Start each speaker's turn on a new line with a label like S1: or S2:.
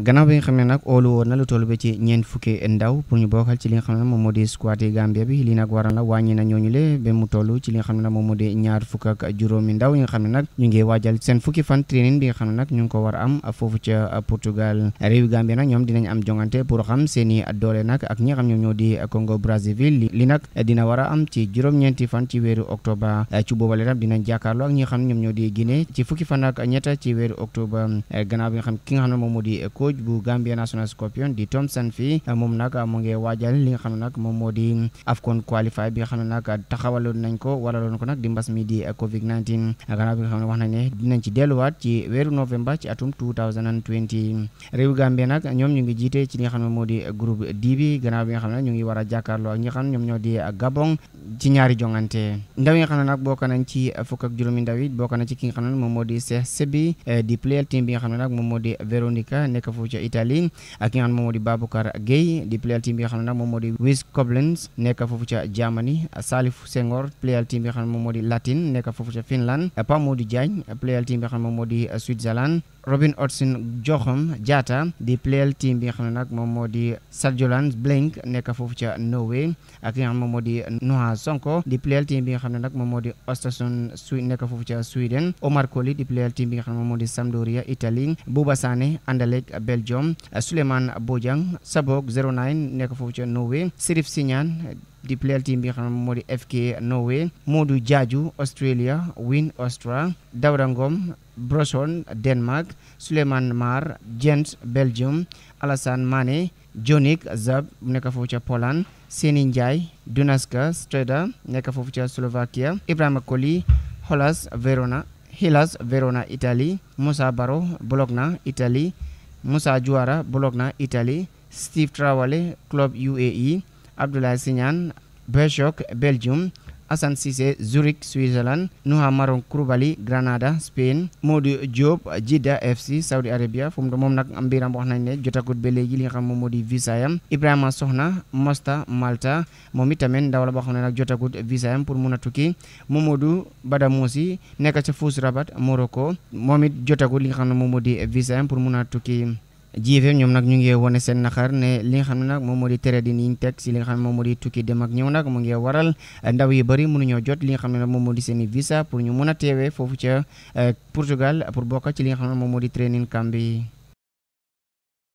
S1: gannaaw bi nga xam ne nag oolu woon na lu toll ba ci ñeent fukki ndaw pour ñu bokkal ci li nga xam ne moom moo di squad yi Gambia bi lii nag waral la wàññi na ñooñu le ba xam ne moom moo di ñaar fukk ak juróomi ndaw yi xam ne nag ñu ngi waajal seen fukki fan training bi xam ne nag ñu ko war am foofu ca Portugal réew ñoom dinañ am jongante pour xam seen i nag ak ñi nga xam ñoom ñoo di Congo Brazzaville li nag dina war am ci juróom-ñeenti fan ci weeru octobre ci boobale nag dinañ jàkkaarloo ak ñi xam ñoom ñoo di Guinée ci fukki fan ak ñett ci weeru octobre gannaaw xam ki nga xam ne moom moo di coach bu Gambia National Scorpion di Thompson fii moom nag mu ngi waajal li xam ne moom moo di AFCON qualify bi nga xam ne nag nañ ko waraloon ko nag di mbas mi di Covid 19 gannaaw bi nga ñoom ñu jiite ci li xam ne moo di groupe D xam ne ñu ngi war a Gabon ci ñaari jongante ndaw xam ne nag bokk juróomi ndaw yi bokk xam ne moom moo Sebi di player team bi xam ne moom moo di nekk foofu ca Italie ak ki nga xam ne moom moo di Babacar Gueye di player team bi nga xam ne nag moom moo di Wiz Koblenz ca Germany Salif Senghor player team bi nga xam ne moom moo di Latin nekk foofu ca Finland Pa Modou Diagne player team bi xam ne moom moo Switzerland Robin Hodgson Jochum Jatta di player team bi xam ne nag moom moo di Saljoland Blink ca Norway ak nga xam ne moom Sonko di player team bi xam ne nag moom moo di Östersund ca Sweden Belgium eh, Souleymane Bojang Sabok 09 nekk foofu ca Norway Serif Signane eh, di player team bi nga xam ne Norway Modou Diadiou Australia Win Austra Dawda Ngom Denmark Souleymane Mar Gent Belgium Alassane Mané Jonik Zab nekk foofu ca Poland Seni Ndiaye Dunaska Streda nekk foofu ca Slovakia Ibrahima Koli Holas Verona Hilas Verona Italie Moussa Baro Bologna Italie Moussa Diawara bloc na Italie Steve Traoré club UAE Abdoulaye Signane Bergerac Belgium Hassan Cissé Zurich Switzerland Nuha Maron Koulibaly Granada Spain Modou Diop Jidda FC Saudi Arabia fu do moom nag mbiram wax nañ ne jotagut ba léegi li nga xam moom moo di visa yam Ibrahima Soxna Mosta Malta moom itamit ndaw la boo xam ne nag jotagut visa yam pour mun a tukki Mamadou Badamoussi nekk ca Fous Rabat Morocco moom it jotagut li nga xam ne moom moo di visa yam pour mun a tukki GFM ñoom nag ñu ngi wone seen naxar ne li nga xam ne nag moom moo di tere di niñ teg si li nga moom moo di tukki dem ak ñëw nag mu ngi waral ndaw yu bëri mënuñoo jot li nga xam ne nag moom moo di seen i visa pour ñu mën a teewee foofu ca eh, Portugal pour bokk ci li nga xam ne moom moo di training camp